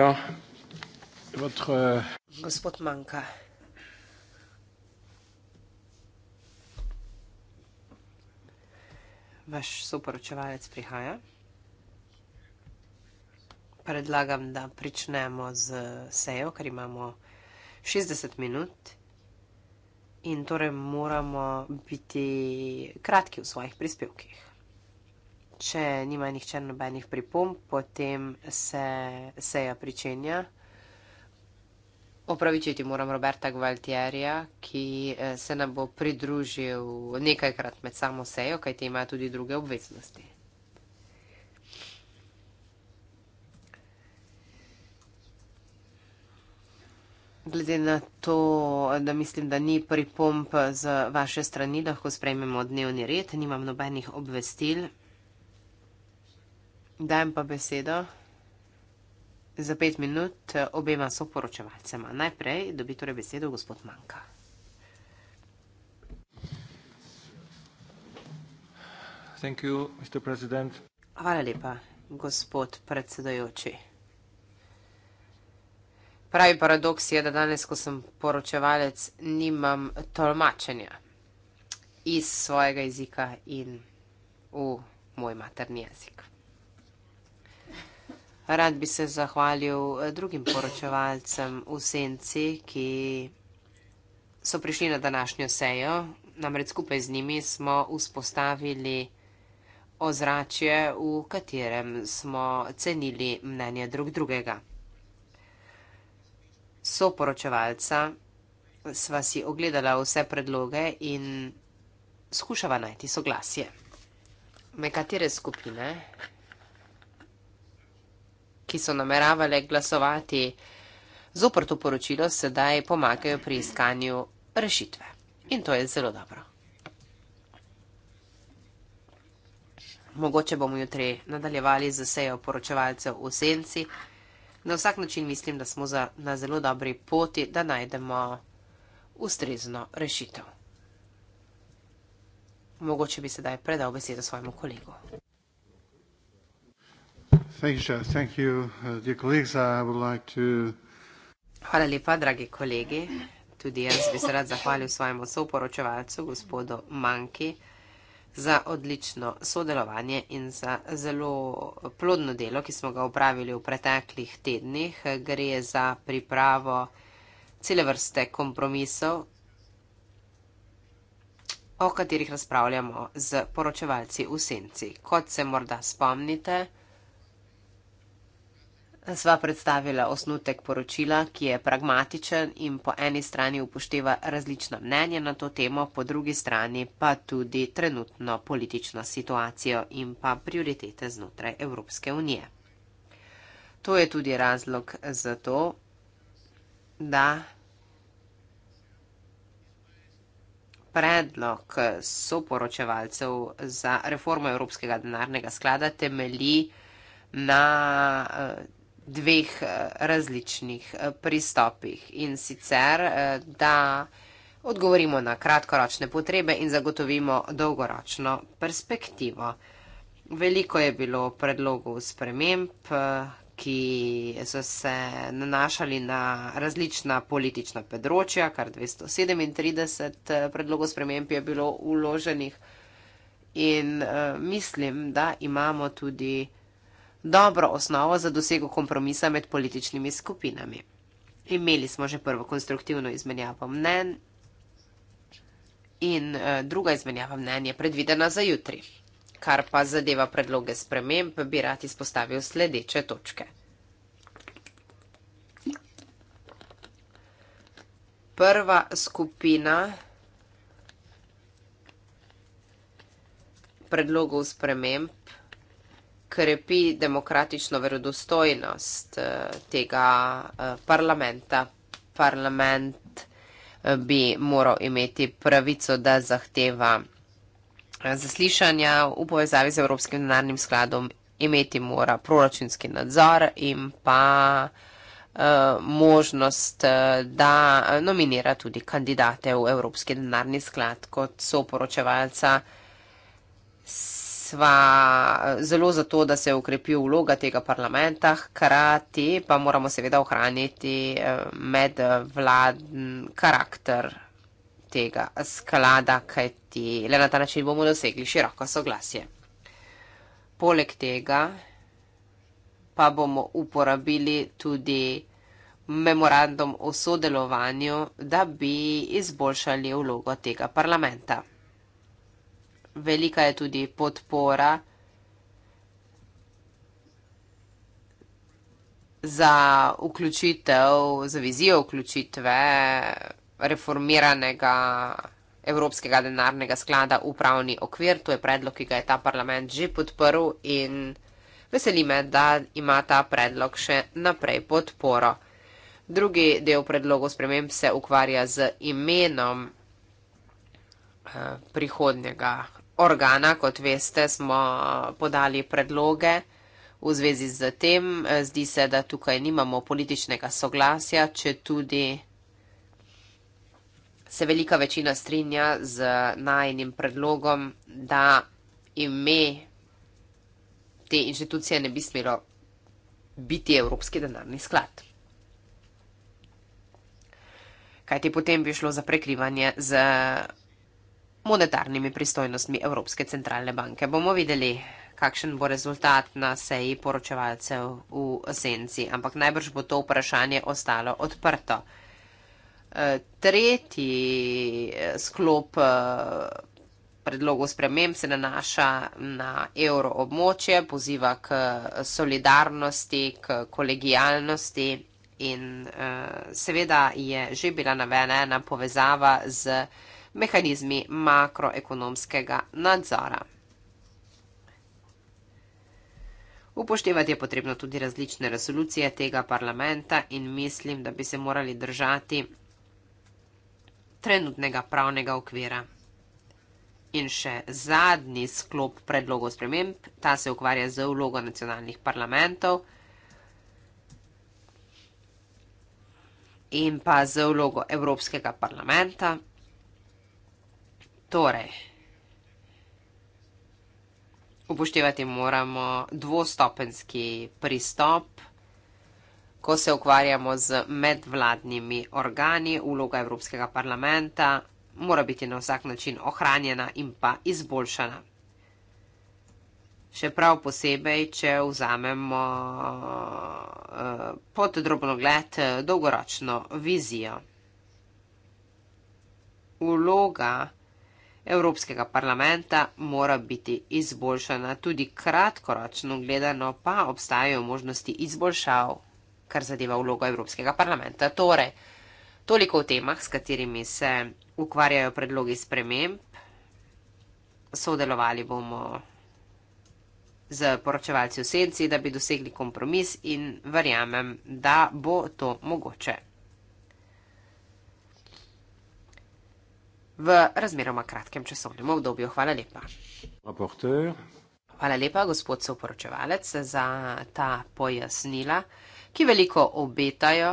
Ja. Votre... Euh, Gospod Manka. Vaš soporočevalec prihaja. Predlagam, da pričnemo z sejo, ker imamo 60 minut in torej moramo biti kratki v svojih prispevkih če nima nihče nobenih pripomb, potem se seja pričenja. Opravičiti moram Roberta Gvaltierja, ki eh, se nam bo pridružil nekajkrat med samo sejo, kajti ima tudi druge obveznosti. Glede na to, da mislim, da ni pripomp z vaše strani, lahko sprejmemo dnevni red, nimam nobenih obvestil dajem pa besedo za pet minut eh, obema soporočevalcema. Najprej dobi torej besedo gospod Manka. Thank you, Mr. President. Hvala lepa, gospod predsedojoči. Pravi paradoks je, da danes, ko sem poročevalec, nimam tolmačenja iz svojega jezika in v moj materni jezik. Rad bi se zahvalil eh, drugim poročevalcem v Senci, ki so prišli na današnjo sejo. Namreč skupaj z njimi smo vzpostavili ozračje, v katerem smo cenili mnenje drug drugega. So poročevalca, sva si ogledala vse predloge in skušava najti soglasje. Me katere skupine ki so nameravale glasovati zopr to poročilo, sedaj pomagajo pri iskanju rešitve. In to je zelo dobro. Mogoče bomo jutri nadaljevali z sejo poročevalcev v senci. Na vsak način mislim, da smo za, na zelo dobri poti, da najdemo ustrezno rešitev. Mogoče bi sedaj predal besedo svojemu kolegu. Thank you, Jeff. Thank you, uh, dear colleagues. I would like to. Hvala lepa, dragi kolegi. Tudi jaz bi se rad zahvalil svojemu soporočevalcu, gospodu Manki, za odlično sodelovanje in za zelo plodno delo, ki smo ga upravili v preteklih tednih. Gre za pripravo cele vrste kompromisov, o katerih razpravljamo z poročevalci v senci. Kot se morda spomnite, sva predstavila osnutek poročila, ki je pragmatičen in po eni strani upošteva različna mnenja na to temo, po drugi strani pa tudi trenutno politično situacijo in pa prioritete znotraj Evropske unije. To je tudi razlog za to, da predlog soporočevalcev za reformo Evropskega denarnega sklada temelji na eh, dveh eh, različnih eh, pristopih in sicer, eh, da odgovorimo na kratkoročne potrebe in zagotovimo dolgoročno perspektivo. Veliko je bilo predlogov sprememb, ki so se nanašali na različna politična področja, kar 237 predlogov sprememb je bilo uloženih. In uh, mislim, da imamo tudi uh, dobro osnovo za dosego kompromisa med političnimi skupinami. Imeli smo že prvo konstruktivno izmenjavo mnen in eh, druga izmenjava mnen je predvidena za jutri. Kar pa zadeva predloge sprememb, bi rad izpostavil sledeče točke. Prva skupina predlogov sprememb krepi demokratično verodostojnost eh, tega eh, parlamenta. Parlament eh, bi moral imeti pravico, da zahteva zaslišanja v povezavi z Evropskim denarnim skladom, imeti mora proračunski nadzor in pa možnost, da nominira tudi kandidate v Evropski denarni sklad kot soporočevalca sva zelo za to, da se ukrepi vloga tega parlamenta, hkrati pa moramo seveda ohraniti eh, medvladen karakter tega sklada, kajti le na ta način bomo dosegli široko soglasje. Poleg tega pa bomo uporabili tudi memorandum o sodelovanju, da bi izboljšali vlogo tega parlamenta velika je tudi podpora za vključitev, za vizijo vključitve reformiranega Evropskega denarnega sklada v pravni okvir. To je predlog, ki ga je ta parlament že podprl in veseli me, da ima ta predlog še naprej podporo. Drugi del predlogov sprememb se ukvarja z imenom eh, prihodnjega organa, kot veste, smo podali predloge v zvezi z tem. Zdi se, da tukaj nimamo političnega soglasja, če tudi se velika večina strinja z najnim predlogom, da ime te inštitucije ne bi smelo biti Evropski denarni sklad. Kajti potem bi šlo za prekrivanje z monetarnimi pristojnostmi Evropske centralne banke. Bomo videli, kakšen bo rezultat na seji poročevalcev v senci, ampak najbrž bo to vprašanje ostalo odprto. E, tretji e, sklop e, predlogov sprememb se nanaša na euroobmočje, poziva k solidarnosti, k kolegijalnosti in seveda je že bila navena povezava z mehanizmi makroekonomskega nadzora. Upoštevati je potrebno tudi različne resolucije tega parlamenta in mislim, da bi se morali držati trenutnega pravnega okvira. In še zadnji sklop predlogov sprememb, ta se ukvarja z vlogo nacionalnih parlamentov in pa z vlogo Evropskega parlamenta. Torej, upoštevati moramo dvostopenski pristop, ko se ukvarjamo z medvladnimi organi, vloga Evropskega parlamenta mora biti na vsak način ohranjena in pa izboljšana. Še prav posebej, če vzamemo eh, pod drobnogled eh, dolgoročno vizijo. Vloga Evropskega parlamenta mora biti izboljšana, tudi kratkoročno gledano pa obstajajo možnosti izboljšav, kar zadeva vlogo Evropskega parlamenta. Torej, toliko o temah, s katerimi se ukvarjajo predlogi sprememb. Sodelovali bomo z poročevalci v senci, da bi dosegli kompromis in verjamem, da bo to mogoče. v razmeroma kratkem časovnem obdobju. Hvala lepa. Raporteur. Hvala lepa, gospod soporočevalec, za ta pojasnila, ki veliko obetajo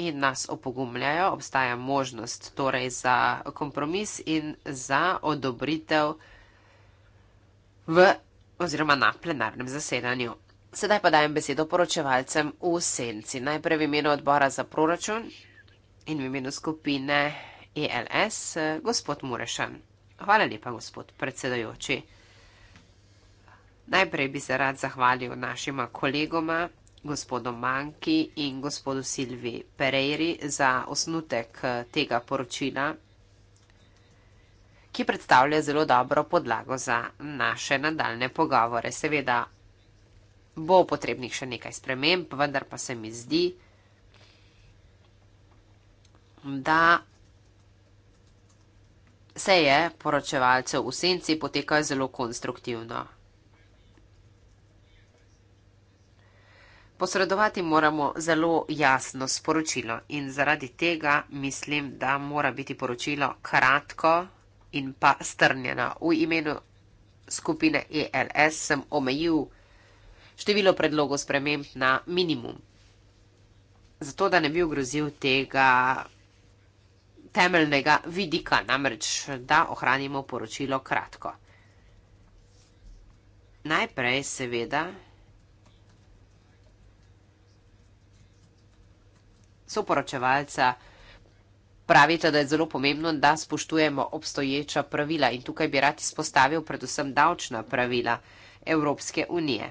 in nas opogumljajo. Obstaja možnost torej za kompromis in za odobritev v oziroma na plenarnem zasedanju. Sedaj pa dajem besedo poročevalcem v senci. Najprej v imenu odbora za proračun in v imenu skupine ELS, gospod Murešan. Hvala lepa, gospod predsedajoči. Najprej bi se rad zahvalil našima kolegoma, gospodu Manki in gospodu Silvi Pereiri za osnutek tega poročila, ki predstavlja zelo dobro podlago za naše nadaljne pogovore. Seveda bo potrebnih še nekaj sprememb, vendar pa se mi zdi, da seje poročevalcev v senci potekajo zelo konstruktivno. Posredovati moramo zelo jasno sporočilo in zaradi tega mislim, da mora biti poročilo kratko in pa strnjeno. V imenu skupine ELS sem omejil število predlogov sprememb na minimum. Zato, da ne bi ogrozil tega temeljnega vidika, namreč da ohranimo poročilo kratko. Najprej seveda soporočevalca pravite, da je zelo pomembno, da spoštujemo obstoječa pravila in tukaj bi rad izpostavil predvsem davčna pravila Evropske unije.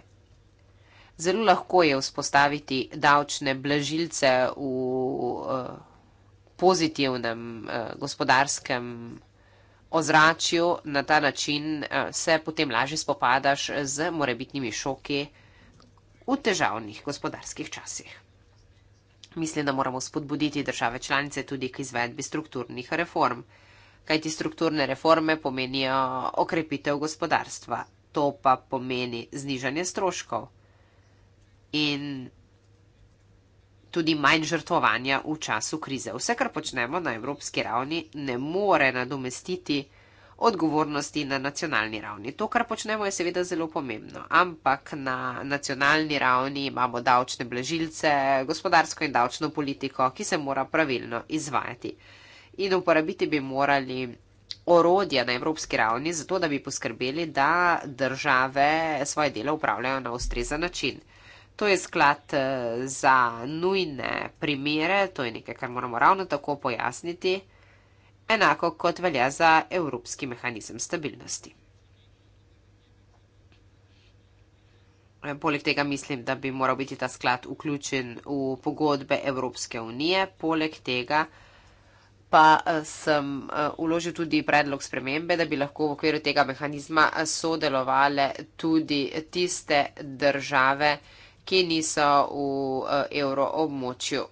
Zelo lahko je vzpostaviti davčne blažilce v eh, pozitivnem uh, gospodarskem ozračju, na ta način uh, se potem lažje spopadaš z morebitnimi šoki v težavnih gospodarskih časih. Mislim, da moramo spodbuditi države članice tudi k izvedbi strukturnih reform, kajti strukturne reforme pomenijo okrepitev gospodarstva, to pa pomeni znižanje stroškov. In tudi manj žrtvovanja v času krize. Vse, kar počnemo na evropski ravni, ne more nadomestiti odgovornosti na nacionalni ravni. To, kar počnemo, je seveda zelo pomembno, ampak na nacionalni ravni imamo davčne blažilce, gospodarsko in davčno politiko, ki se mora pravilno izvajati. In uporabiti bi morali orodja na evropski ravni, zato da bi poskrbeli, da države svoje delo upravljajo na ustrezen način. To je sklad eh, za nujne primere, to je nekaj, kar moramo ravno tako pojasniti, enako kot velja za evropski mehanizem stabilnosti. Eh, poleg tega mislim, da bi moral biti ta sklad vključen v pogodbe Evropske unije, poleg tega pa eh, sem uložil tudi predlog spremembe, da bi lahko v okviru tega mehanizma sodelovali tudi tiste države, ki so ki niso v eh, evroobmočju.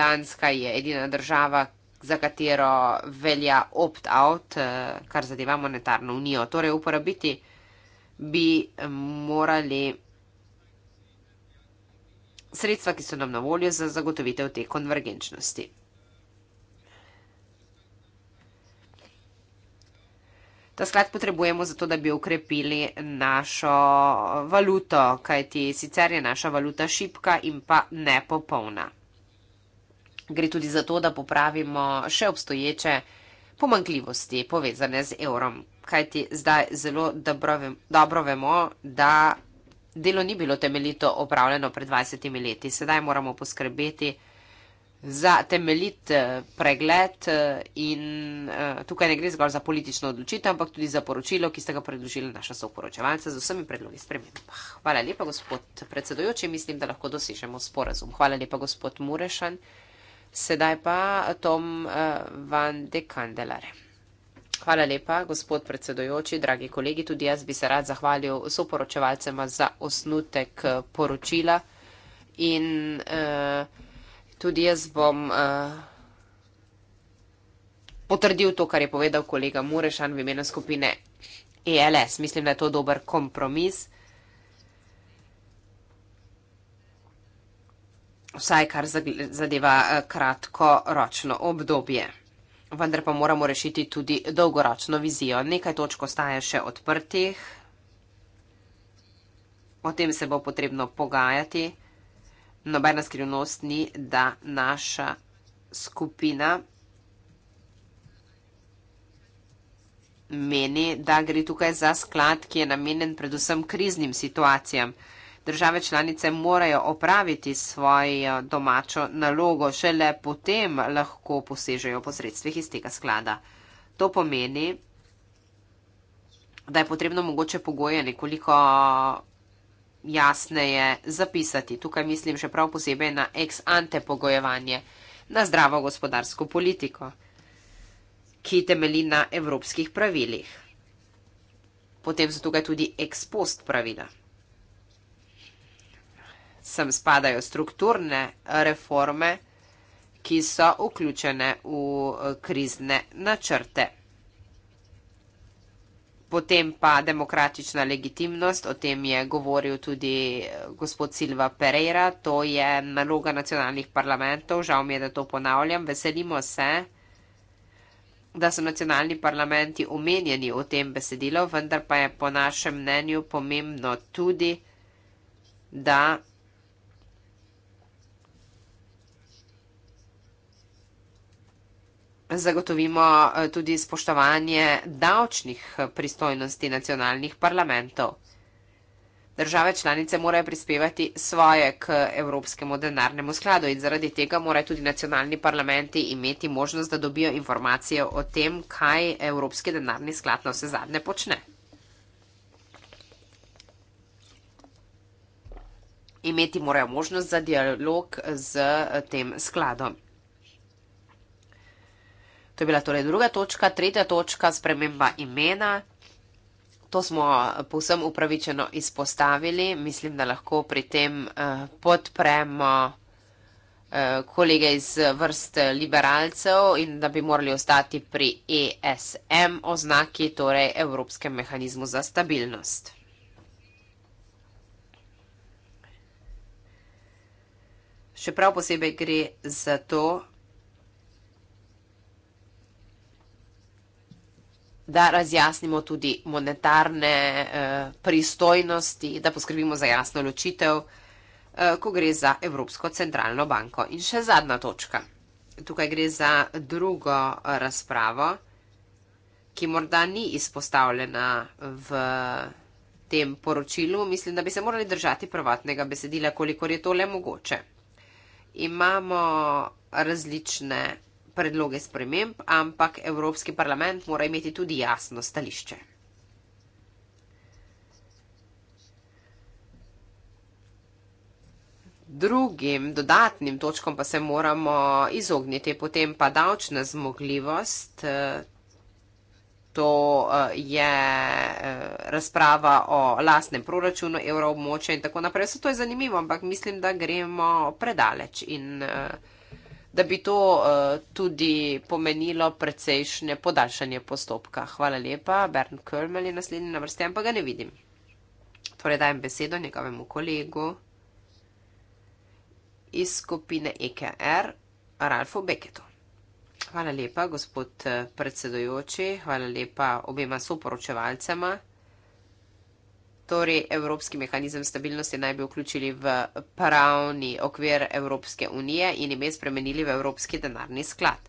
Danska je edina država, za katero velja opt-out, eh, kar zadeva monetarno unijo. Torej, uporabiti bi morali sredstva, ki so nam na voljo za zagotovitev te konvergenčnosti. ta sklad potrebujemo zato, da bi ukrepili našo valuto, kajti sicer je naša valuta šipka in pa nepopolna. Gre tudi za to, da popravimo še obstoječe pomankljivosti povezane z evrom, kajti zdaj zelo dobro, vem, dobro vemo, da delo ni bilo temeljito opravljeno pred 20 leti. Sedaj moramo poskrbeti, za temeljit eh, pregled eh, in eh, tukaj ne gre zgolj za politično odločitev, ampak tudi za poročilo, ki ste ga predložili naša soporočevalca z vsemi predlogi sprememb. Ah, hvala lepa, gospod predsedojoči, mislim, da lahko dosežemo sporazum. Hvala lepa, gospod Murešan. Sedaj pa Tom van de Kandelare. Hvala lepa, gospod predsedojoči, dragi kolegi, tudi jaz bi se rad zahvalil soporočevalcema za osnutek poročila in eh, Tudi jaz bom uh, potrdil to, kar je povedal kolega Murešan v imenu skupine ELS. Mislim, da je to dober kompromis. Vsaj kar zadeva eh, kratkoročno obdobje. Vendar pa moramo rešiti tudi dolgoročno vizijo. Nekaj točk ostaje še odprtih. O tem se bo potrebno pogajati nobena skrivnost ni, da naša skupina meni, da gre tukaj za sklad, ki je namenjen predvsem kriznim situacijam. Države članice morajo opraviti svojo domačo nalogo, šele potem lahko posežejo po sredstvih iz tega sklada. To pomeni, da je potrebno mogoče pogoje nekoliko jasneje zapisati. Tukaj mislim še prav posebej na ex ante pogojevanje, na zdravo gospodarsko politiko, ki temeli na evropskih pravilih. Potem so tukaj tudi ex post pravila. Sem spadajo strukturne reforme, ki so vključene v krizne načrte. Potem pa demokratična legitimnost, o tem je govoril tudi eh, gospod Silva Pereira, to je naloga nacionalnih parlamentov, žal mi je, da to ponavljam. Veselimo se, da so nacionalni parlamenti omenjeni v tem besedilo, vendar pa je po našem mnenju pomembno tudi, da zagotovimo eh, tudi spoštovanje davčnih eh, pristojnosti nacionalnih parlamentov. Države članice morajo prispevati svoje k Evropskemu denarnemu skladu in zaradi tega morajo tudi nacionalni parlamenti imeti možnost, da dobijo informacije o tem, kaj Evropski denarni sklad na vse zadnje počne. Imeti morajo možnost za dialog z eh, tem skladom. To je bila torej druga točka, tretja točka, sprememba imena. To smo eh, povsem upravičeno izpostavili. Mislim, da lahko pri tem eh, podpremo eh, kolege iz vrst liberalcev in da bi morali ostati pri ESM oznaki, torej Evropskem mehanizmu za stabilnost. Še prav posebej gre za to, da razjasnimo tudi monetarne eh, pristojnosti, da poskrbimo za jasno ločitev, eh, ko gre za Evropsko centralno banko. In še zadnja točka. Tukaj gre za drugo eh, razpravo, ki morda ni izpostavljena v tem poročilu. Mislim, da bi se morali držati prvotnega besedila, kolikor je to le mogoče. Imamo različne predloge sprememb, ampak Evropski parlament mora imeti tudi jasno stališče. Drugim dodatnim točkom pa se moramo izogniti, potem pa davčna zmogljivost, eh, to eh, je eh, razprava o lastnem proračunu, evroobmoče in tako naprej. So to je zanimivo, ampak mislim, da gremo predaleč in predaleč da bi to uh, tudi pomenilo precejšnje podaljšanje postopka. Hvala lepa, Bern Körmel je naslednji na vrsti, ampak ga ne vidim. Torej dajem besedo njegovemu kolegu iz skupine EKR, Ralfu Beketu. Hvala lepa, gospod eh, predsedojoči, hvala lepa obema soporočevalcema. Torej, Evropski mehanizem stabilnosti naj bi vključili v pravni okvir Evropske unije in ime spremenili v Evropski denarni sklad.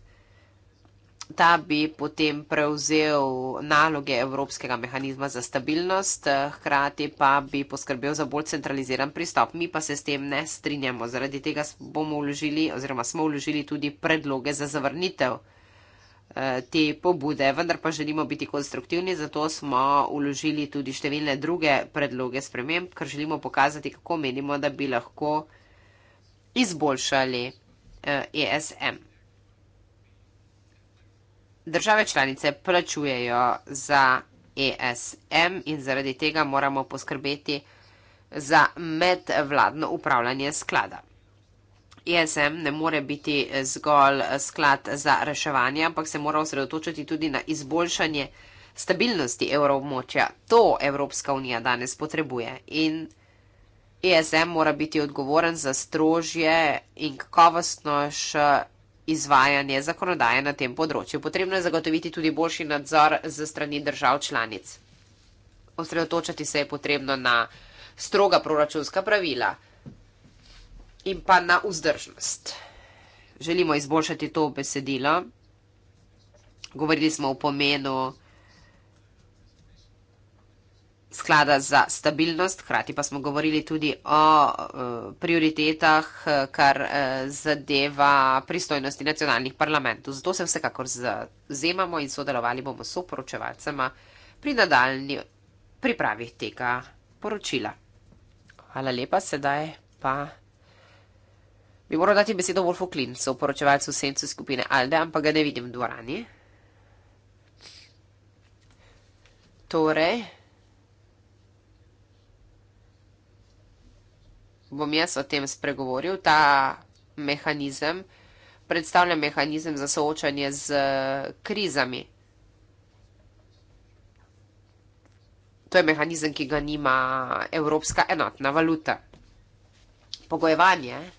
Ta bi potem prevzel naloge Evropskega mehanizma za stabilnost, hkrati pa bi poskrbel za bolj centraliziran pristop. Mi pa se s tem ne strinjamo. Zaradi tega bomo vložili oziroma smo vložili tudi predloge za zavrnitev. Eh, te pobude, vendar pa želimo biti konstruktivni, zato smo uložili tudi številne druge predloge sprememb, ker želimo pokazati, kako menimo, da bi lahko izboljšali ESM. Eh, e Države članice plačujejo za ESM in zaradi tega moramo poskrbeti za medvladno upravljanje sklada. ESM ne more biti eh, zgolj eh, sklad za reševanje, ampak se mora osredotočiti tudi na izboljšanje stabilnosti evroobmočja. To Evropska unija danes potrebuje in ESM mora biti odgovoren za strožje in kakovostnoš izvajanje zakonodaje na tem področju. Potrebno je zagotoviti tudi boljši nadzor za strani držav članic. Osredotočati se je potrebno na stroga proračunska pravila in pa na vzdržnost. Želimo izboljšati to besedilo. Govorili smo o pomenu sklada za stabilnost, hkrati pa smo govorili tudi o e, prioritetah, e, kar e, zadeva pristojnosti nacionalnih parlamentov. Zato se vsekakor zazemamo in sodelovali bomo s oporočevalcema pri nadaljni pripravi tega poročila. Hvala lepa, sedaj pa. Mi moram dati besedo Wolfu Klincu, poročevalcu sencu skupine Alde, ampak ga ne vidim v dvorani. Torej, bom jaz o tem spregovoril, ta mehanizem predstavlja mehanizem za soočanje z eh, krizami. To je mehanizem, ki ga nima evropska enotna valuta. Pogojevanje. Pogojevanje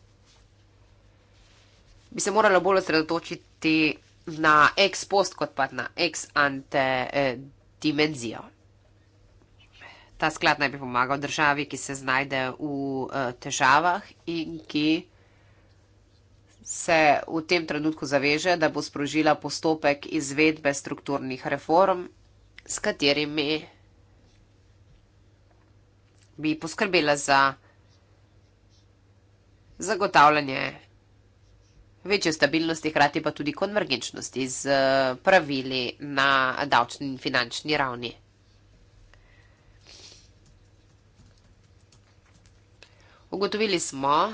bi se moralo bolj osredotočiti na ex post, kot pa na ex ante eh, dimenzijo. Ta sklad naj bi pomagal državi, ki se znajde v eh, težavah in ki se v tem trenutku zaveže, da bo sprožila postopek izvedbe strukturnih reform, s katerimi bi poskrbela za zagotavljanje večjo stabilnosti, hkrati pa tudi konvergenčnosti z eh, pravili na davčni in finančni ravni. Ugotovili smo,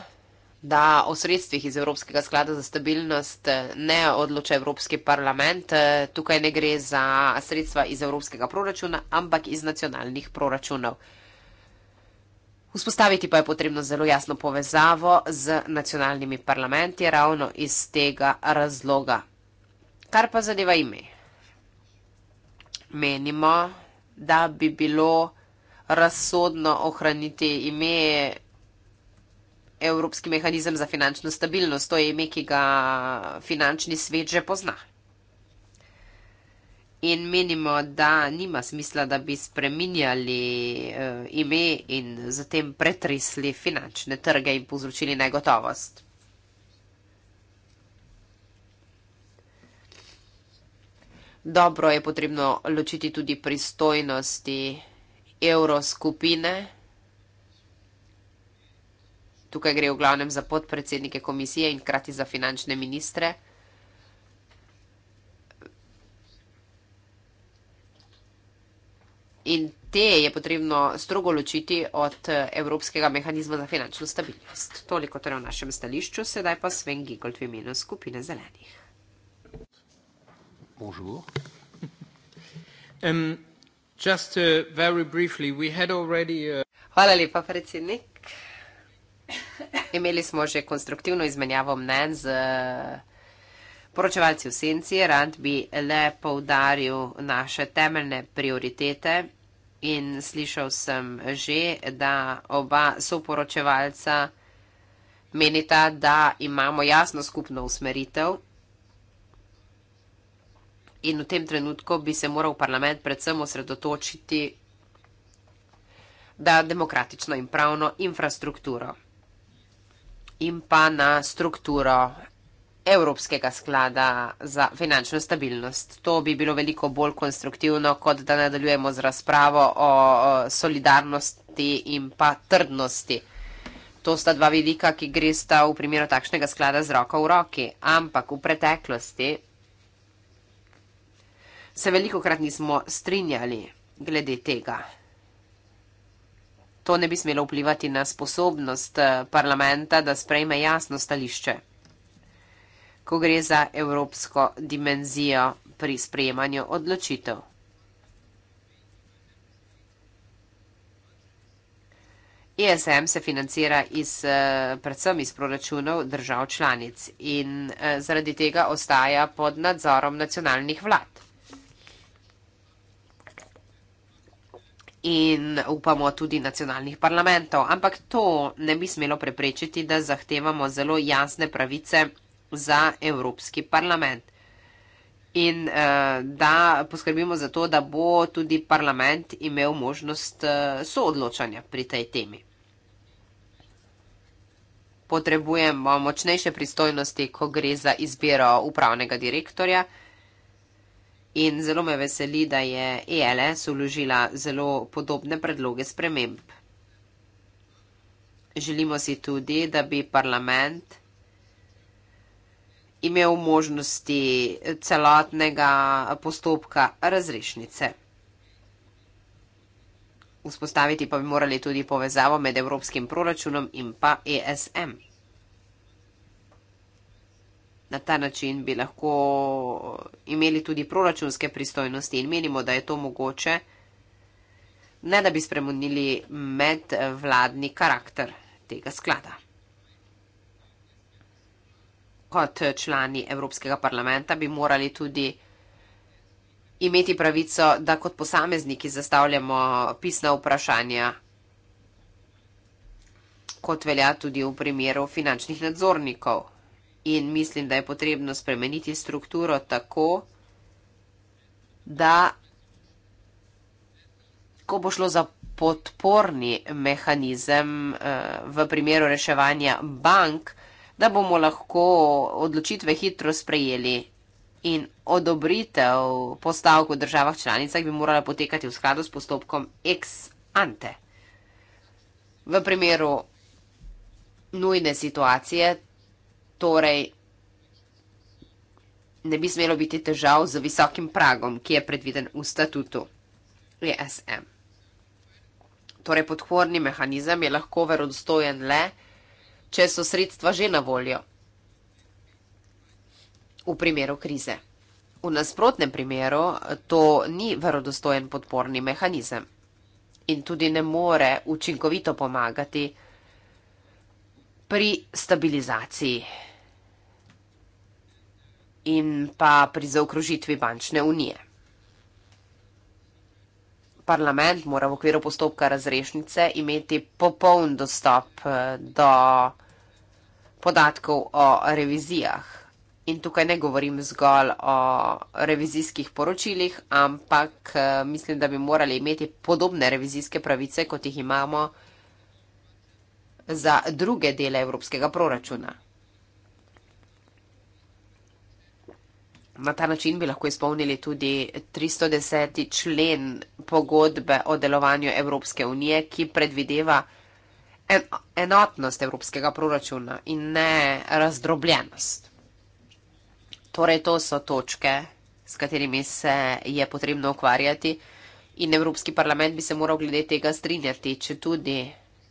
da o sredstvih iz Evropskega sklada za stabilnost eh, ne odloča Evropski parlament. Eh, tukaj ne gre za sredstva iz Evropskega proračuna, ampak iz nacionalnih proračunov. Vzpostaviti pa je potrebno zelo jasno povezavo z nacionalnimi parlamenti ravno iz tega razloga. Kar pa zadeva ime? Menimo, da bi bilo razsodno ohraniti ime Evropski mehanizem za finančno stabilnost. To je ime, ki ga finančni svet že pozna in menimo, da nima smisla, da bi spreminjali uh, ime in zatem pretrisli finančne trge in povzročili negotovost. Dobro je potrebno ločiti tudi pristojnosti evroskupine. Tukaj gre v glavnem za podpredsednike komisije in krati za finančne ministre. in te je potrebno strogo ločiti od eh, Evropskega mehanizma za finančno stabilnost. Toliko torej o našem stališču, sedaj pa Sven Gigolt v imenu skupine zelenih. Um, just, uh, very briefly, we had already, uh... Hvala lepa, predsednik. Imeli smo že konstruktivno izmenjavo mnen z eh, poročevalci v senci. Rand bi le poudaril naše temeljne prioritete In slišal sem že, da oba soporočevalca menita, da imamo jasno skupno usmeritev. In v tem trenutku bi se moral parlament predvsem osredotočiti na demokratično in pravno infrastrukturo in pa na strukturo Evropskega sklada za finančno stabilnost. To bi bilo veliko bolj konstruktivno, kot da nadaljujemo z razpravo o solidarnosti in pa trdnosti. To sta dva vidika, ki gresta v primeru takšnega sklada z roko v roki, ampak v preteklosti se veliko krat nismo strinjali glede tega. To ne bi smelo vplivati na sposobnost eh, parlamenta, da sprejme jasno stališče ko gre za evropsko dimenzijo pri sprejemanju odločitev. ESM se financira iz, eh, predvsem iz proračunov držav članic in eh, zaradi tega ostaja pod nadzorom nacionalnih vlad. In upamo tudi nacionalnih parlamentov, ampak to ne bi smelo preprečiti, da zahtevamo zelo jasne pravice za Evropski parlament. In eh, da poskrbimo za to, da bo tudi parlament imel možnost eh, soodločanja pri tej temi. Potrebujemo močnejše pristojnosti, ko gre za izbiro upravnega direktorja. In zelo me veseli, da je ELS uložila zelo podobne predloge sprememb. Želimo si tudi, da bi parlament imel možnosti celotnega postopka razrešnice. Vzpostaviti pa bi morali tudi povezavo med evropskim proračunom in pa ESM. Na ta način bi lahko imeli tudi proračunske pristojnosti in menimo, da je to mogoče, ne da bi spremenili medvladni karakter tega sklada kot člani Evropskega parlamenta bi morali tudi imeti pravico, da kot posamezniki zastavljamo pisna vprašanja, kot velja tudi v primeru finančnih nadzornikov. In mislim, da je potrebno spremeniti strukturo tako, da ko bo šlo za podporni mehanizem eh, v primeru reševanja bank, da bomo lahko odločitve hitro sprejeli. In odobritev postavk v državah članicah bi morala potekati v skladu s postopkom ex ante. V primeru nujne situacije, torej ne bi smelo biti težav z visokim pragom, ki je predviden v statutu ESM. Torej, podporni mehanizem je lahko verodostojen le, če so sredstva že na voljo. V primeru krize. V nasprotnem primeru to ni verodostojen podporni mehanizem in tudi ne more učinkovito pomagati pri stabilizaciji in pa pri zaokrožitvi bančne unije parlament mora v okviru postopka razrešnice imeti popoln dostop eh, do podatkov o revizijah. In tukaj ne govorim zgolj o revizijskih poročilih, ampak eh, mislim, da bi morali imeti podobne revizijske pravice, kot jih imamo za druge dele evropskega proračuna. Na ta način bi lahko izpolnili tudi 310. člen pogodbe o delovanju Evropske unije, ki predvideva en enotnost evropskega proračuna in ne razdrobljenost. Torej, to so točke, s katerimi se je potrebno ukvarjati in Evropski parlament bi se moral glede tega strinjati, če tudi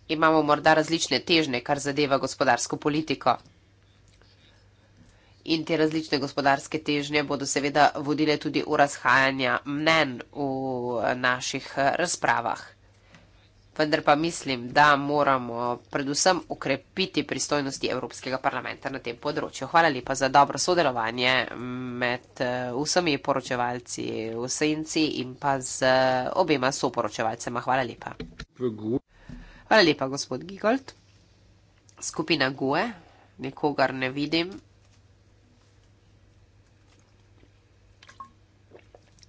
imamo morda različne težne, kar zadeva gospodarsko politiko in te različne gospodarske težnje bodo seveda vodile tudi v razhajanja mnen v naših razpravah. Vendar pa mislim, da moramo predvsem ukrepiti pristojnosti Evropskega parlamenta na tem področju. Hvala lepa za dobro sodelovanje med eh, vsemi poročevalci v Senci in pa z obema soporočevalcema. Hvala lepa. Hvala lepa, gospod Gigold. Skupina GUE, nikogar ne vidim.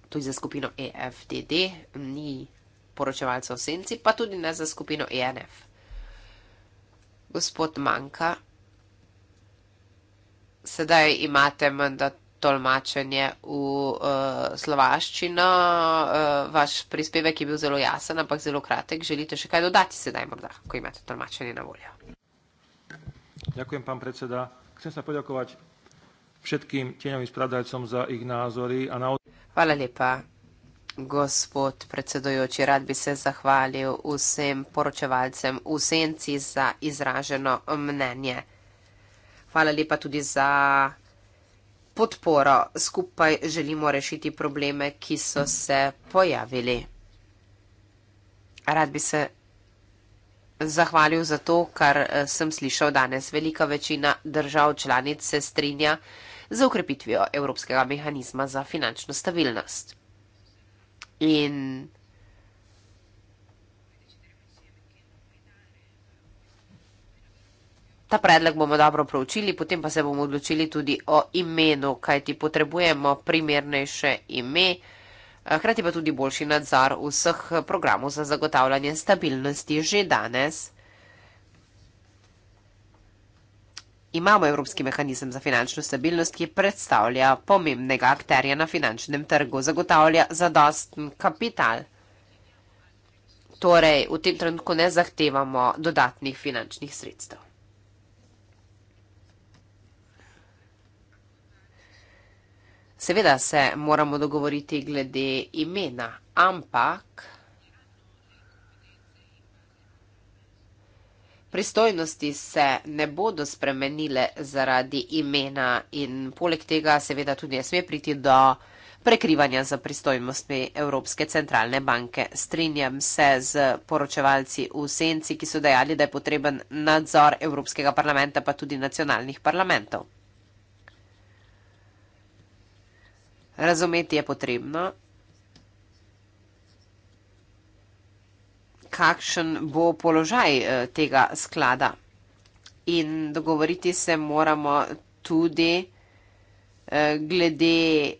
tudi za skupino EFDD, ni poročevalcev v senci, pa tudi ne za skupino ENF. Gospod manjka, sedaj imate menda tolmačenje v uh, slovaščino, uh, vaš prispevek je bil zelo jasen, ampak zelo kratek. Želite še kaj dodati sedaj morda, ko imate tolmačenje na voljo? Ďakujem, pán predseda. Chcem sa poďakovať všetkým tieňovým spravodajcom za ich názory a naozaj... Hvala lepa. Gospod predsedojoči, rad bi se zahvalil vsem poročevalcem v senci za izraženo mnenje. Hvala lepa tudi za podporo. Skupaj želimo rešiti probleme, ki so se pojavili. Rad bi se zahvalil za to, kar eh, sem slišal danes. Velika večina držav članic se strinja z ukrepitvijo Evropskega mehanizma za finančno stabilnost. In ta predlog bomo dobro proučili, potem pa se bomo odločili tudi o imenu, kaj ti potrebujemo primernejše ime, eh, hkrati pa tudi boljši nadzor vseh programov za zagotavljanje stabilnosti že danes. Imamo Evropski mehanizem za finančno stabilnost, ki predstavlja pomembnega akterja na finančnem trgu, zagotavlja zadosten kapital. Torej, v tem trenutku ne zahtevamo dodatnih finančnih sredstev. Seveda se moramo dogovoriti glede imena, ampak... Pristojnosti se ne bodo spremenile zaradi imena in poleg tega seveda tudi ne sme priti do prekrivanja za pristojnostmi Evropske centralne banke. Strinjam se z poročevalci v senci, ki so dejali, da je potreben nadzor Evropskega parlamenta pa tudi nacionalnih parlamentov. Razumeti je potrebno, kakšen bo položaj eh, tega sklada. In dogovoriti se moramo tudi eh, glede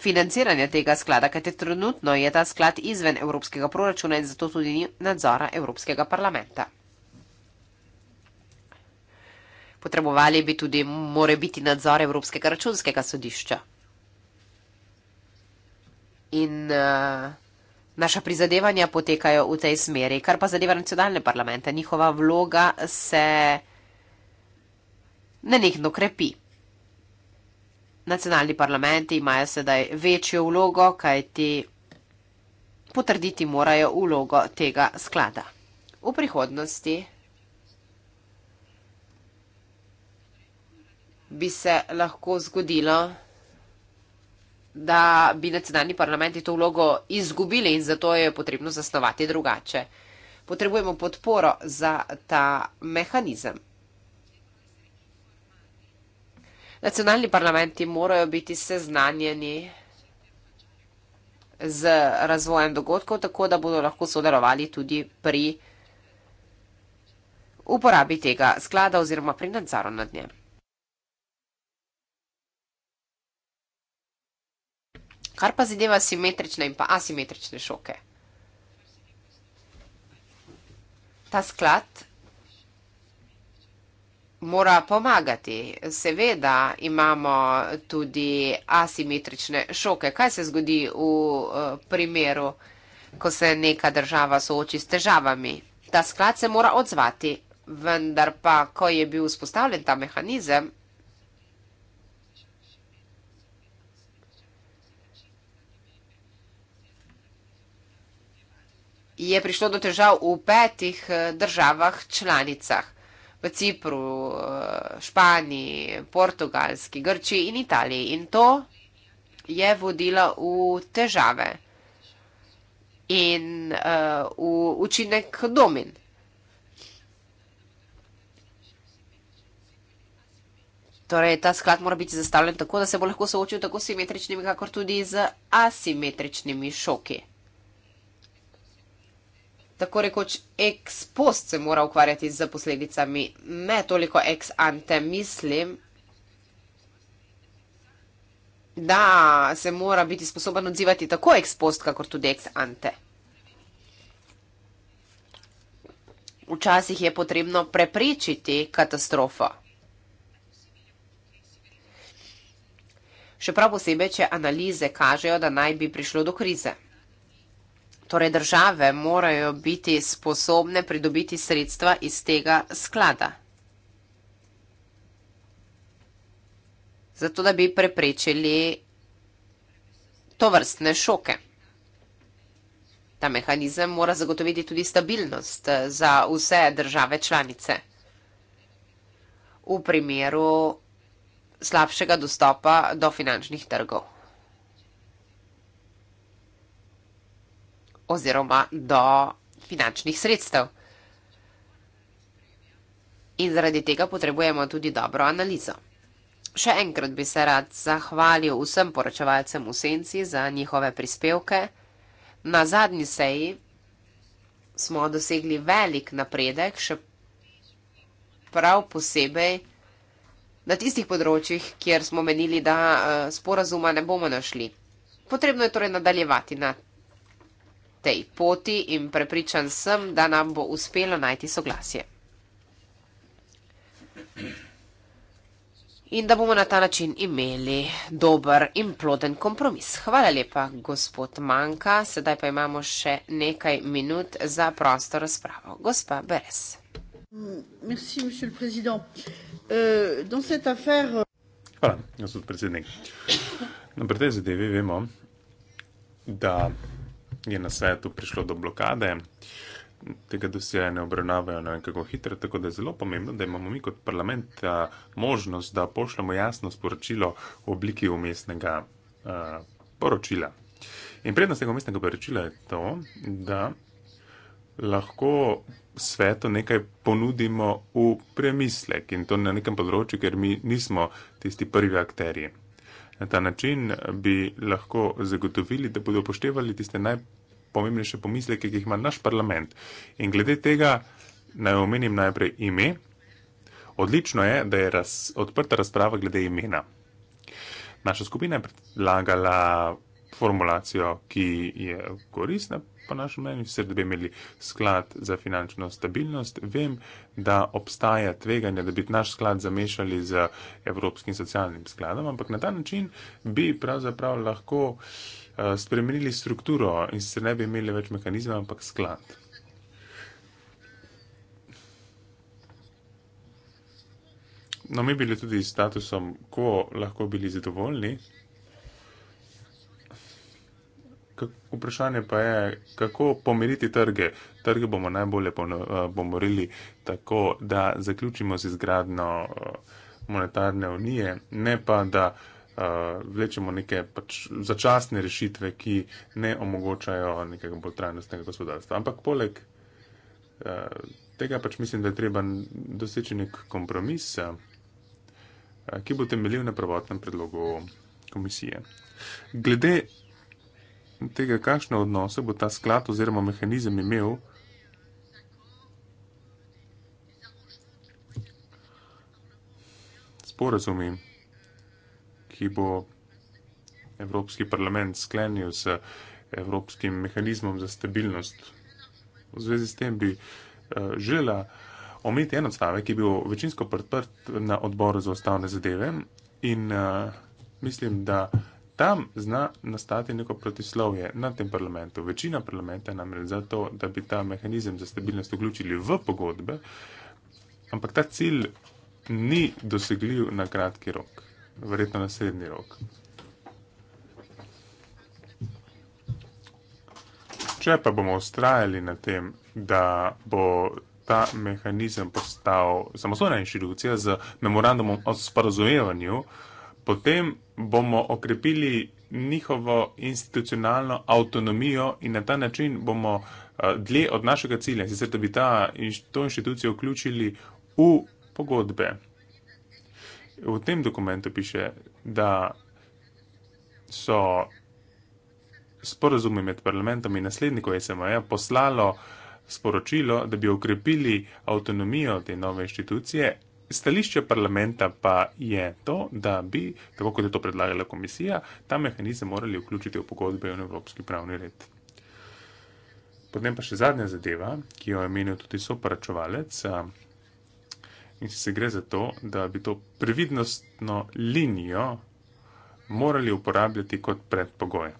financiranja tega sklada, kajte trenutno je ta sklad izven evropskega proračuna in zato tudi ni nadzora Evropskega parlamenta. Potrebovali bi tudi more biti nadzor Evropskega računskega sodišča. In uh, Naša prizadevanja potekajo v tej smeri, kar pa zadeva nacionalne parlamente. Njihova vloga se nenehno krepi. Nacionalni parlamenti imajo sedaj večjo vlogo, kajti potrditi morajo vlogo tega sklada. V prihodnosti bi se lahko zgodilo, da bi nacionalni parlamenti to vlogo izgubili in zato je potrebno zasnovati drugače. Potrebujemo podporo za ta mehanizem. Nacionalni parlamenti morajo biti seznanjeni z razvojem dogodkov, tako da bodo lahko sodelovali tudi pri uporabi tega sklada oziroma pri nadzoru nad njem. Kar pa zadeva simetrične in pa asimetrične šoke. Ta sklad mora pomagati. Seveda imamo tudi asimetrične šoke. Kaj se zgodi v eh, primeru, ko se neka država sooči s težavami? Ta sklad se mora odzvati, vendar pa, ko je bil vzpostavljen ta mehanizem, je prišlo do težav v petih eh, državah članicah. V Cipru, eh, Španiji, Portugalski, Grčiji in Italiji. In to je vodilo v težave in uh, v učinek domin. Torej, ta sklad mora biti zastavljen tako, da se bo lahko soočil tako simetričnimi, kakor tudi z asimetričnimi šoki tako rekoč ex post se mora ukvarjati z posledicami, ne toliko ex ante, mislim, da se mora biti sposoben odzivati tako ex post, kakor tudi ex ante. Včasih je potrebno preprečiti katastrofo. Še prav posebej, če analize kažejo, da naj bi prišlo do krize. Torej države morajo biti sposobne pridobiti sredstva iz tega sklada. Zato, da bi preprečili to vrstne šoke. Ta mehanizem mora zagotoviti tudi stabilnost eh, za vse države članice. V primeru slabšega dostopa do finančnih trgov. oziroma do finančnih sredstev. In zaradi tega potrebujemo tudi dobro analizo. Še enkrat bi se rad zahvalil vsem poročevalcem v Senci za njihove prispevke. Na zadnji seji smo dosegli velik napredek, še prav posebej na tistih področjih, kjer smo menili, da eh, sporazuma ne bomo našli. Potrebno je torej nadaljevati na tej poti in prepričan sem, da nam bo uspelo najti soglasje. In da bomo na ta način imeli dober in ploden kompromis. Hvala lepa, gospod Manka. Sedaj pa imamo še nekaj minut za prosto razpravo. Gospa Beres. Merci, monsieur le président. Euh, dans cette affaire... Euh, Hvala, gospod predsednik. No, pri tej zadevi vemo, da je na svetu prišlo do blokade. Tega dosje ne obravnavajo na nekako hitro, tako da je zelo pomembno, da imamo mi kot parlament a, možnost, da pošljemo jasno sporočilo v obliki umestnega a, poročila. In prednost tega umestnega poročila je to, da lahko svetu nekaj ponudimo v premislek in to na nekem področju, ker mi nismo tisti prvi akterji. Na ta način bi lahko zagotovili, da bodo upoštevali tiste najpomembnejše pomisleke, ki jih ima naš parlament. In glede tega naj omenim najprej ime. Odlično je, da je raz, odprta razprava glede imena. Naša skupina je predlagala formulacijo, ki je koristna, po našem mnenju, sicer da bi imeli sklad za finančno stabilnost. Vem, da obstaja tveganje, da bi naš sklad zamešali z Evropskim socialnim skladom, ampak na ta način bi pravzaprav lahko eh, spremenili strukturo in sicer ne bi imeli več mehanizma, ampak sklad. No, mi bili tudi s statusom, ko lahko bili zadovoljni. Vprašanje pa je, kako pomiriti trge. Trge bomo najbolje eh, pomorili tako, da zaključimo z izgradno eh, monetarne unije, ne pa da eh, vlečemo neke pač začasne rešitve, ki ne omogočajo nekega bolj trajnostnega gospodarstva. Ampak poleg tega pač mislim, da je treba doseči nek kompromis, ki bo temeljil na prvotnem predlogu komisije. Glede tega, kakšne odnose bo ta sklad oziroma mehanizem imel, sporazumi, ki bo Evropski parlament sklenil s Evropskim mehanizmom za stabilnost. V zvezi s tem bi uh, eh, žela ometi en odstavek, ki je bil večinsko podprt na odboru za ustavne zadeve in uh, mislim, da tam zna nastati neko protislovje na tem parlamentu. Večina parlamenta namreč za to, da bi ta mehanizem za stabilnost vključili v pogodbe, ampak ta cilj ni dosegljiv na kratki rok, verjetno na srednji rok. Če pa bomo ustrajali na tem, da bo ta mehanizem postal samostojna inštitucija z memorandumom o sporozumevanju, potem bomo okrepili njihovo institucionalno avtonomijo in na ta način bomo eh, dlje od našega cilja, sicer da bi ta, to inštitucijo vključili v pogodbe. V tem dokumentu piše, da so sporozumi med parlamentom in nasledniko SMA poslalo sporočilo, da bi okrepili avtonomijo te nove inštitucije Stališče parlamenta pa je to, da bi, tako kot je to predlagala komisija, ta mehanizem morali vključiti v pogodbe in evropski pravni red. Potem pa še zadnja zadeva, ki jo je menil tudi soporačovalec in se gre za to, da bi to previdnostno linijo morali uporabljati kot predpogoj.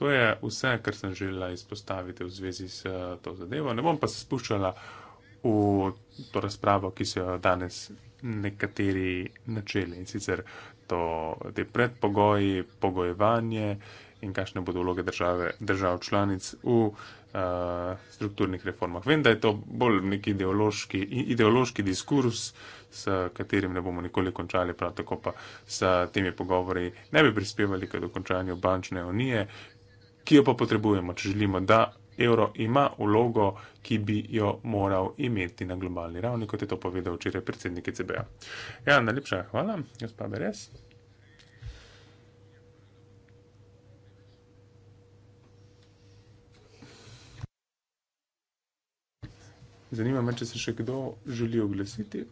To je vse, kar sem želela izpostaviti v zvezi s to zadevo. Ne bom pa se spuščala v to razpravo, ki so jo danes nekateri načeli in sicer to, te predpogoji, pogojevanje in kakšne bodo vloge države, držav članic v uh, strukturnih reformah. Vem, da je to bolj nek ideološki, ideološki diskurs, s katerim ne bomo nikoli končali, prav tako pa s temi pogovori ne bi prispevali k dokončanju bančne unije, ki jo pa potrebujemo, če želimo, da evro ima vlogo, ki bi jo moral imeti na globalni ravni, kot je to povedal včeraj predsednik ECB-a. Ja, najlepša hvala, jaz pa beres. Zanima me, če se še kdo želi oglasiti.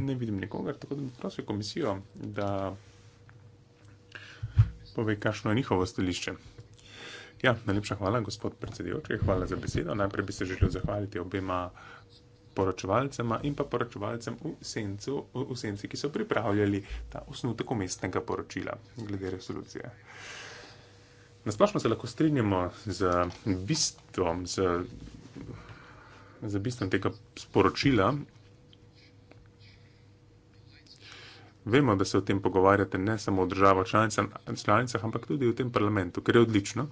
Ne vidim nikogar, tako da bi prosil komisijo, da pove, kakšno je njihovo stališče. Ja, najlepša hvala, gospod predsedujoči. Hvala za besedo. Najprej bi se želel zahvaliti obema poročevalcema in pa poročevalcem v, sencu, v senci, ki so pripravljali ta osnutek umestnega poročila glede resolucije. Nasplošno se lahko strinjamo z bistvom, z, z bistvom tega sporočila. Vemo, da se o tem pogovarjate ne samo v državah članicah, ampak tudi v tem parlamentu, ker je odlično,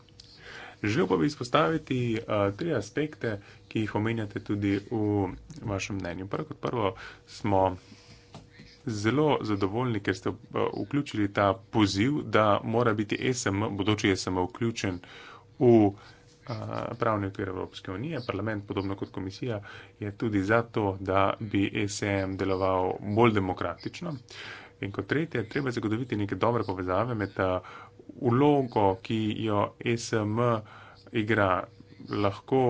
Želel pa bi izpostaviti uh, tri aspekte, ki jih omenjate tudi v vašem mnenju. Prvo kot prvo smo zelo zadovoljni, ker ste uh, vključili ta poziv, da mora biti e SM, bodoči e SM, vključen v pravni okvir Evropske unije. Parlament, podobno kot komisija, je tudi zato, da bi e SM deloval bolj demokratično. In kot tretje, treba zagotoviti neke dobre povezave med vlogo, ki jo SM igra, lahko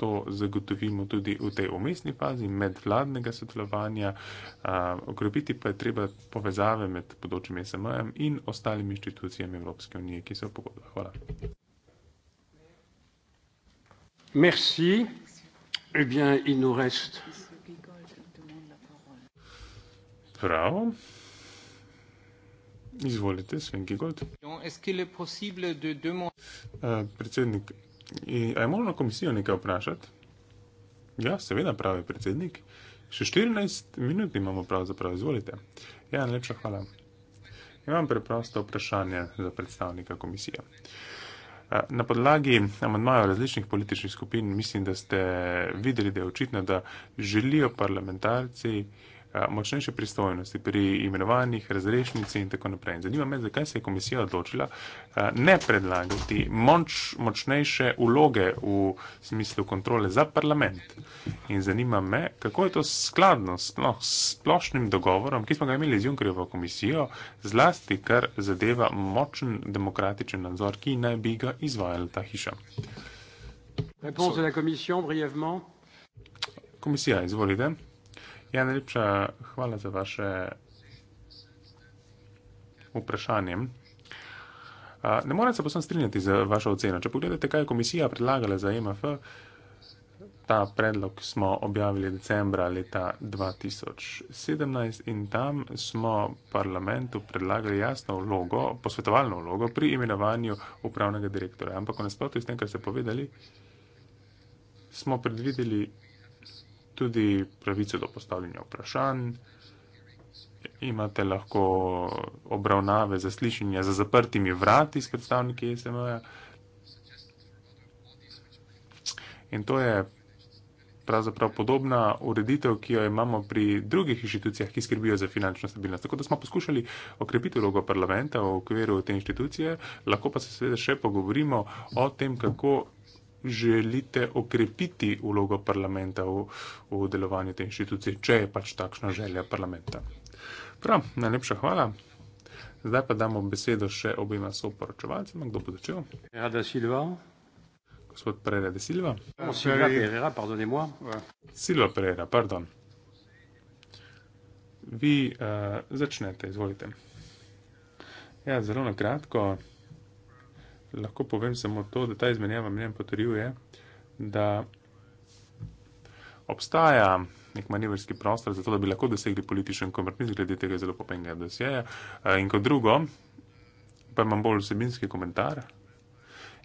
to zagotovimo tudi v tej umestni fazi medvladnega sodelovanja. Okrepiti pa je treba povezave med področjem SM-em in ostalimi inštitucijami Evropske unije, ki so v pogodbah. Hvala. Merci. Eh bien, il nous reste. Bravo. Izvolite, Svenki Gold. Uh, predsednik, a je možno komisijo nekaj vprašati? Ja, seveda, pravi predsednik. Še 14 minut imamo pravzaprav, izvolite. Ja, najlepša hvala. Imam preprosto vprašanje za predstavnika komisije. Eh, na podlagi amandmajev različnih političnih skupin mislim, da ste videli, da je očitno, da želijo parlamentarci uh, Eh, močnejše pristojnosti pri imenovanjih, razrešnici in tako naprej. Zanima me, zakaj se je komisija odločila eh, ne predlagati moč, močnejše uloge v smislu kontrole za parlament. In zanima me, kako je to skladno s splošnim dogovorom, ki smo ga imeli z Junkerjevo komisijo, zlasti kar zadeva močen demokratičen nadzor, ki naj bi ga izvajala ta hiša. Réponse de la Commission, brièvement. Commission, vous voulez bien. Ja, najlepša hvala za vaše vprašanje. Ne morem se posem strinjati z vašo oceno. Če pogledate, kaj je komisija predlagala za e MF, ta predlog smo objavili decembra leta 2017 in tam smo parlamentu predlagali jasno vlogo, posvetovalno vlogo pri imenovanju upravnega direktorja. Ampak v nasprotju s tem, kar ste povedali, smo predvideli tudi pravico do postavljanja vprašanj. Imate lahko obravnave za slišanje za zaprtimi vrati s predstavniki SMO-ja. In to je pravzaprav podobna ureditev, ki jo imamo pri drugih inštitucijah, ki skrbijo za finančno stabilnost. Tako da smo poskušali okrepiti vlogo parlamenta v okviru te inštitucije, lahko pa se seveda še pogovorimo o tem, kako želite okrepiti vlogo parlamenta v, v delovanju te inštitucije, če je pač takšna želja parlamenta. Prav, najlepša hvala. Zdaj pa damo besedo še obima soporočevalcema. Kdo bo začel? Rada Silva. Gospod Prera de Silva. Silva Prera, pardon, moj. Silva Prera, pardon. Vi uh, začnete, izvolite. Ja, zelo na kratko lahko povem samo to, da ta izmenjava mnen potrjuje, da obstaja nek manevrski prostor za to, da bi lahko dosegli političen kompromis glede tega zelo popenjega dosjeja. Eh, in kot drugo, pa imam bolj vsebinski komentar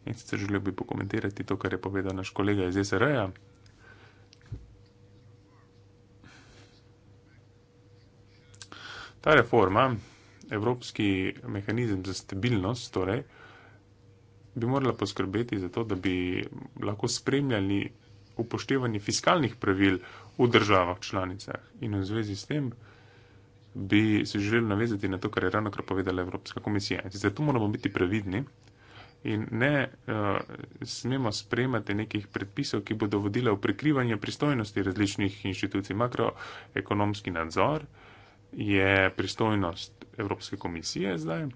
in sicer želel bi pokomentirati to, kar je povedal naš kolega iz SR-ja. Ta reforma, evropski mehanizem za stabilnost, torej, uh, bi morala poskrbeti za to, da bi lahko spremljali upoštevanje fiskalnih pravil v državah članicah. In v zvezi s tem bi se želeli navezati na to, kar je ravno kar povedala Evropska komisija. Zato moramo biti previdni in ne uh, smemo spremati nekih predpisov, ki bodo vodile v prekrivanje pristojnosti različnih inštitucij. Makroekonomski nadzor je pristojnost Evropske komisije zdaj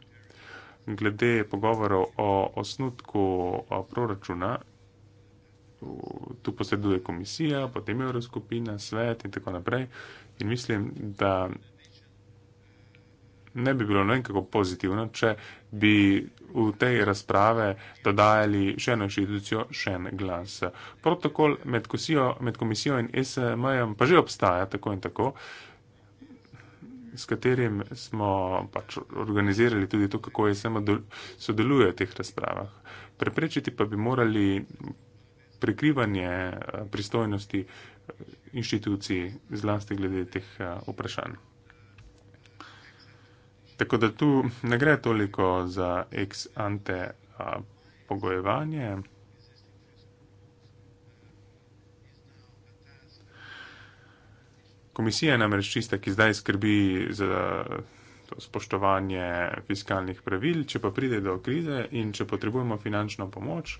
glede pogovorov o osnutku proračuna, tu posreduje komisija, potem Evroskupina, svet in tako naprej. In mislim, da ne bi bilo nekako pozitivno, če bi v tej razprave dodajali še eno inštitucijo, še en glas. Protokol med, kusijo, med komisijo in SM-jem pa že obstaja tako in tako. Uh, s katerim smo pač organizirali tudi to, kako je SMA sodeluje v teh razpravah. Preprečiti pa bi morali prekrivanje eh, pristojnosti eh, inštitucij zlasti glede teh eh, vprašanj. Tako da tu ne gre toliko za ex ante pogojevanje. Komisija je namreč čista, ki zdaj skrbi za spoštovanje fiskalnih pravil, če pa pride do krize in če potrebujemo finančno pomoč,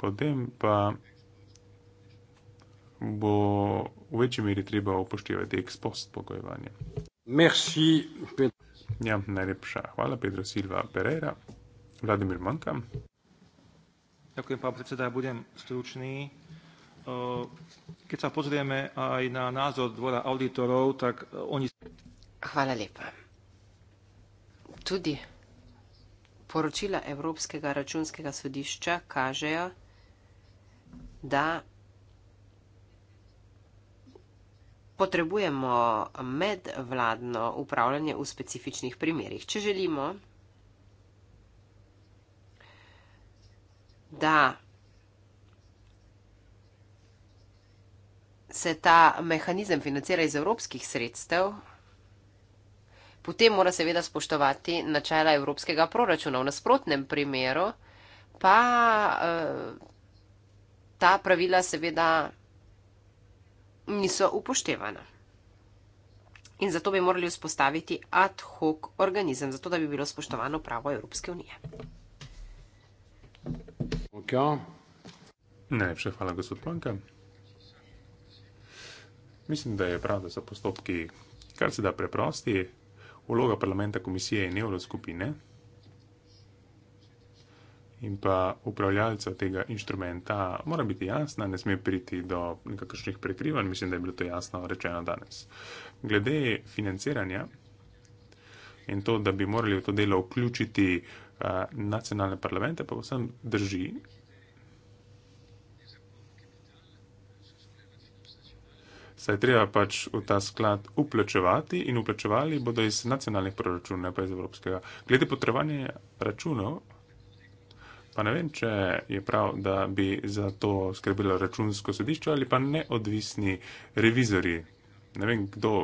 potem pa bo v večji meri treba upoštevati ekspost pogojevanja. Merci, ja, najlepša hvala, Pedro Silva Pereira, Vladimir Manka. Tako in pa predsedaj budem stručni. Keď sa pozrieme aj na názor dvora auditorov, tak e, oni... Hvala lepa. Tudi poročila Evropskega računskega sodišča kažejo, da potrebujemo medvladno upravljanje v specifičnih primerih. Če želimo, da se ta mehanizem financira iz evropskih sredstev, potem mora seveda spoštovati načela evropskega proračuna. V nasprotnem primeru pa eh, ta pravila seveda niso upoštevana. In zato bi morali vzpostaviti ad hoc organizem, zato da bi bilo spoštovano pravo Evropske unije. Okay. Najlepša hvala, gospod Planka. Mislim, da je prav, da so postopki kar se da preprosti. Vloga parlamenta komisije je neolo skupine in pa upravljalca tega inštrumenta mora biti jasna, ne sme priti do nekakšnih prekrivanj. Mislim, da je bilo to jasno rečeno danes. Glede financiranja in to, da bi morali v to delo vključiti uh, nacionalne parlamente, pa vsem drži, saj je treba pač v ta sklad uplačevati in uplačevali bodo iz nacionalnih proračunov, ne pa iz evropskega. Glede potrebovanja računov, pa ne vem, če je prav, da bi za to skrbelo računsko sodišče ali pa neodvisni revizori. Ne vem, kdo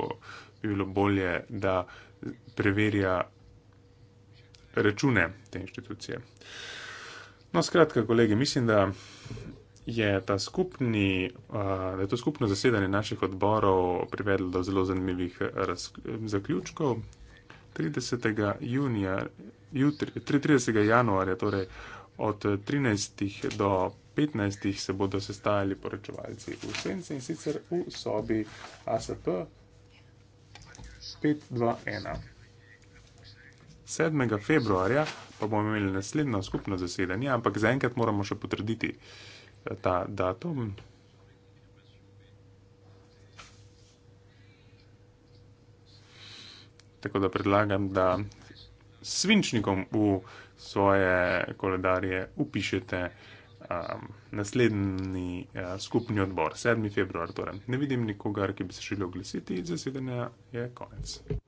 bi bilo bolje, da preverja račune te inštitucije. No, skratka, kolegi, mislim, da je, skupni, uh, je to skupno zasedanje naših odborov privedlo do zelo zanimivih eh, raz, zaključkov. 30. Junija, jutri, 30. januarja, torej od 13. do 15. se bodo sestajali poročevalci v Senci in sicer v sobi ASP 521. 7. februarja pa bomo imeli naslednjo skupno zasedanje, ampak zaenkrat moramo še potrditi. Uh, ta datum. Tako da predlagam, da svinčnikom v svoje koledarje upišete um, naslednji uh, skupni odbor, 7. februar. Torej, ne vidim nikogar, ki bi se želel oglasiti, zasedanja je konec.